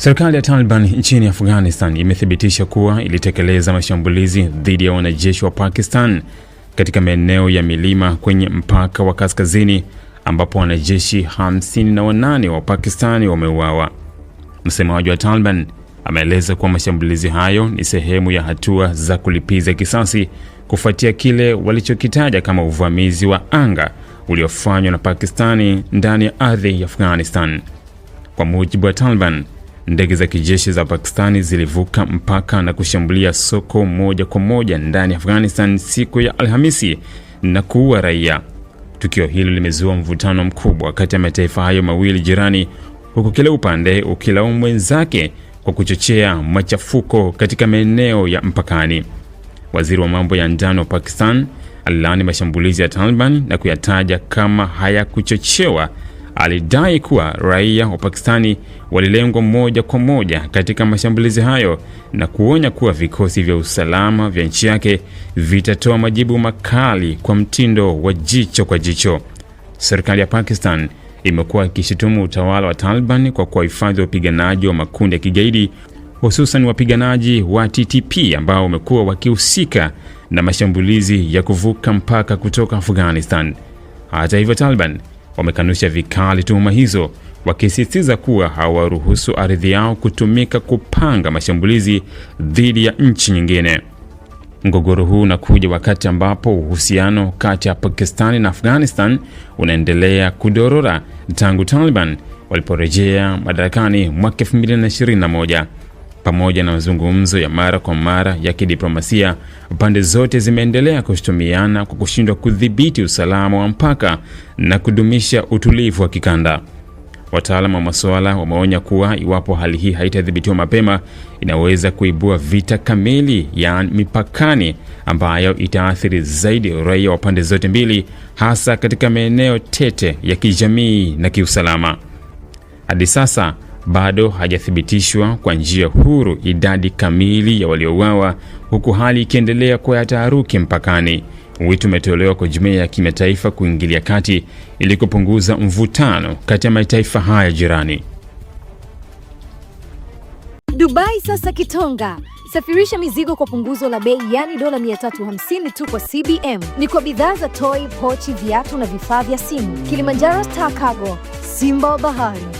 Serikali ya Taliban nchini Afghanistan imethibitisha kuwa ilitekeleza mashambulizi dhidi ya wanajeshi wa Pakistan katika maeneo ya milima kwenye mpaka wa kaskazini ambapo wanajeshi 58 wa Pakistani wameuawa. Msemaji wa Taliban ameeleza kuwa mashambulizi hayo ni sehemu ya hatua za kulipiza kisasi kufuatia kile walichokitaja kama uvamizi wa anga uliofanywa na Pakistani ndani ya ardhi ya Afghanistan. Kwa mujibu wa Taliban, Ndege za kijeshi za Pakistani zilivuka mpaka na kushambulia soko moja kwa moja ndani ya Afghanistan siku ya Alhamisi na kuua raia. Tukio hilo limezua mvutano mkubwa kati ya mataifa hayo mawili jirani, huku kila upande ukilaumu mwenzake kwa kuchochea machafuko katika maeneo ya mpakani. Waziri wa mambo ya ndani wa Pakistan alilaani mashambulizi ya Taliban na kuyataja kama hayakuchochewa alidai kuwa raia wa Pakistani walilengwa moja kwa moja katika mashambulizi hayo na kuonya kuwa vikosi vya usalama vya nchi yake vitatoa majibu makali kwa mtindo wa jicho kwa jicho. Serikali ya Pakistan imekuwa ikishutumu utawala wa Taliban kwa kuwahifadhi wapiganaji wa makundi ya kigaidi, hususan wapiganaji wa TTP ambao wamekuwa wakihusika na mashambulizi ya kuvuka mpaka kutoka Afghanistan. Hata hivyo, Taliban wamekanusha vikali tuhuma hizo, wakisisitiza kuwa hawaruhusu ardhi yao kutumika kupanga mashambulizi dhidi ya nchi nyingine. Mgogoro huu unakuja wakati ambapo uhusiano kati ya Pakistani na Afghanistan unaendelea kudorora tangu Taliban waliporejea madarakani mwaka 2021 pamoja na mazungumzo ya mara kwa mara ya kidiplomasia, pande zote zimeendelea kushutumiana kwa kushindwa kudhibiti usalama wa mpaka na kudumisha utulivu wa kikanda. Wataalamu wa masuala wameonya kuwa iwapo hali hii haitadhibitiwa mapema, inaweza kuibua vita kamili ya yaani mipakani ambayo itaathiri zaidi raia wa pande zote mbili, hasa katika maeneo tete ya kijamii na kiusalama. Hadi sasa bado hajathibitishwa kwa njia huru idadi kamili ya waliouawa, huku hali ikiendelea kuwa ya taharuki mpakani. Wito umetolewa kwa jumuiya ya kimataifa kuingilia kati ili kupunguza mvutano kati ya mataifa haya jirani. Dubai sasa Kitonga. Safirisha mizigo kwa punguzo la bei, yani dola 350 tu kwa CBM. Ni kwa bidhaa za toy, pochi, viatu na vifaa vya simu. Kilimanjaro Star Cargo, Simba wa Bahari.